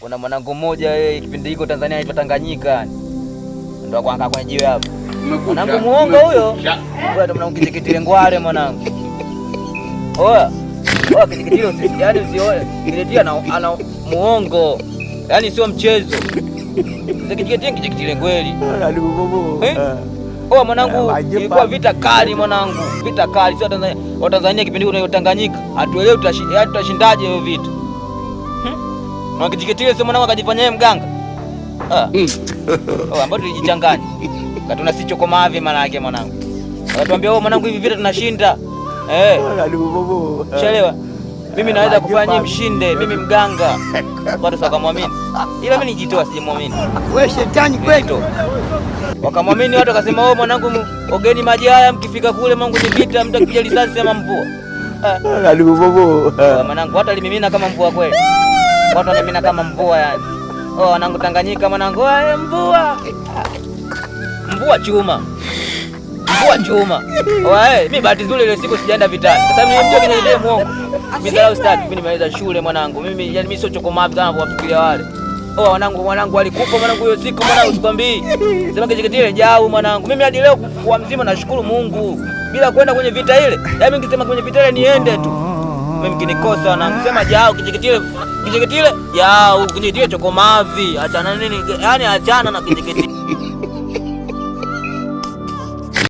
kuna mwanangu mmoja yeye eh, kipindi hiko Tanzania anaitwa Tanganyika, ndo akaanza kwenye jiwe hapo. Mwanangu muongo huyo, wewe mwanangu kitikitile ngware mwanangu. Oya. Oya kitikitile usisi hadi usioe. Kitikitile ana, ana muongo. Yaani sio mchezo. Kitikitile kitikitile kweli. Eh? Ah. Oya mwanangu, ilikuwa vita kali mwanangu. Vita kali sio Tanzania. Wa Tanzania kipindi hiko Tanganyika. Hatuelewi tutashindaje hiyo vita. Wakijiketilia sio mwanangu akajifanya yeye mganga. Ah. Mm. Oh, ambao tulijichanganya. Katuna sicho kwa mavi maana yake mwanangu. Akatuambia wewe oh, mwanangu hivi vita tunashinda. Eh. Chelewa. Mimi naweza kufanya mshinde, mimi mganga. Watu wakamwamini. Ila mimi nijitoa sijamwamini. Wewe shetani kwetu. Wakamwamini watu akasema wewe oh, mwanangu ogeni maji haya mkifika kule mwanangu ni vita mtakuja risasi ama mvua. Ah. Mwanangu hata limimina kama mvua kweli watu wanamina kama mvua yani. Oh, wanangu Tanganyika, mwanangu ae, mvua mvua chuma mvua chuma wae. Oh, mi bahati nzuri ile siku sijaenda vitani, kwa sababu nilimtia kwenye ile mwongo midharau stadi. Mimi nimeweza shule mwanangu, mimi yani mimi sio chokomavu kama kuwafikiria wale Oh, wanangu mwanangu alikufa mwanangu hiyo siku mwanangu sikwambii. Sema kijikitile jau mwanangu. Mimi hadi leo kwa mzima nashukuru Mungu. Bila kwenda kwenye vita ile. Yaani ningesema kwenye vita ile niende tu mkinikosa na msema jao kijikitile kijikitile jao kijikitile chokomavi achana nini, yani achana na kijikitile